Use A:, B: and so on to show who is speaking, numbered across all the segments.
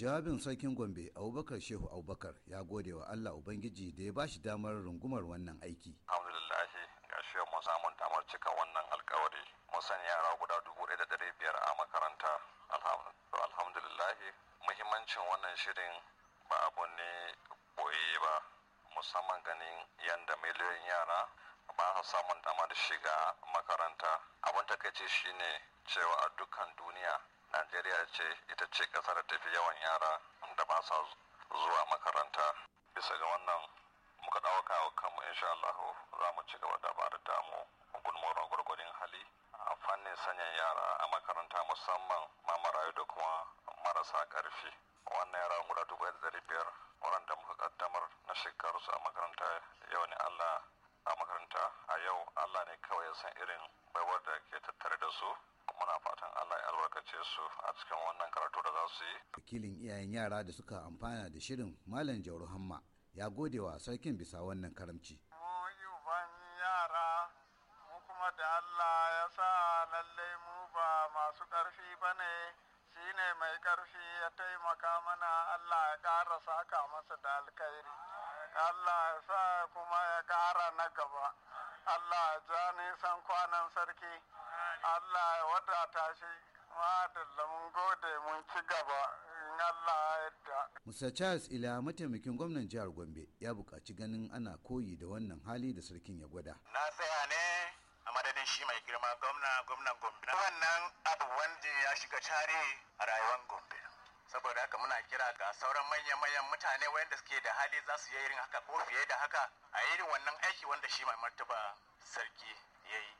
A: jawabin sarkin gombe abubakar shehu abubakar ya gode wa allah ubangiji da ya bashi damar rungumar wannan aiki
B: alhamdulillahi gashi mun samun damar cika wannan alkawari mun sanya yara guda dubu ɗaya da ɗari biyar a makaranta alhamdulillahi muhimmancin wannan shirin ba abu ne boye ba musamman ganin yadda miliyoyin yara ba su samun damar shiga makaranta abin takaici shine cewa a dukkan duniya najeriya ce ita ce kasar da tafi yawan yara da ba sa zuwa makaranta bisa ga wannan muka dawo wa kanmu insha Allah za mu ci gaba da bada damu gudunmuwar gwargwadon hali a fannin sanya yara a makaranta musamman ma marayu da kuma marasa karfi wannan yara guda dubu da dari biyar waɗanda muka kaddamar na su a makaranta yau ne Allah a makaranta a yau Allah ne kawai ya san irin baiwar da ke tattare da su muna fatan Allah ya albarkace su a cikin wannan karatu da za su yi.
A: Wakilin iyayen yara da suka amfana da shirin Malam Jauro Hamma ya gode wa sarkin bisa wannan karamci.
C: Mun yara mu kuma da Allah ya sa lallai mu ba masu ƙarfi ba ne shi ne mai ƙarfi ya taimaka mana Allah ya ƙara saka masa da alkhairi. Allah ya sa kuma ya ƙara na gaba. Allah ya ja nisan kwanan sarki. Allah ya wadata shi madalla mun gode mun ci gaba in Allah ya yarda.
A: Musa Charles Ila mataimakin gwamnan jihar Gombe ya buƙaci ganin ana koyi da wannan hali da sarkin ya gwada. Na tsaya ne a madadin shi mai girma gwamna
D: gwamnan Gombe. Wannan abu wanda ya shiga tare a rayuwar Gombe. saboda haka muna kira ga sauran manyan-manyan mutane wanda suke da hali za su yi irin haka ko fiye da haka a irin wannan aiki wanda shi mai martaba sarki ya yi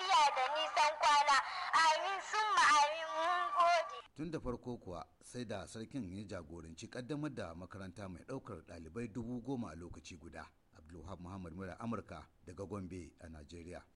E: lafiya da nisan kwana amin sun amin mun gode
A: tun da farko kuwa sai da sarkin ya jagoranci kaddamar da makaranta mai ɗaukar ɗalibai dubu goma a lokaci guda abdulwahab muhammad mura amurka daga gombe a najeriya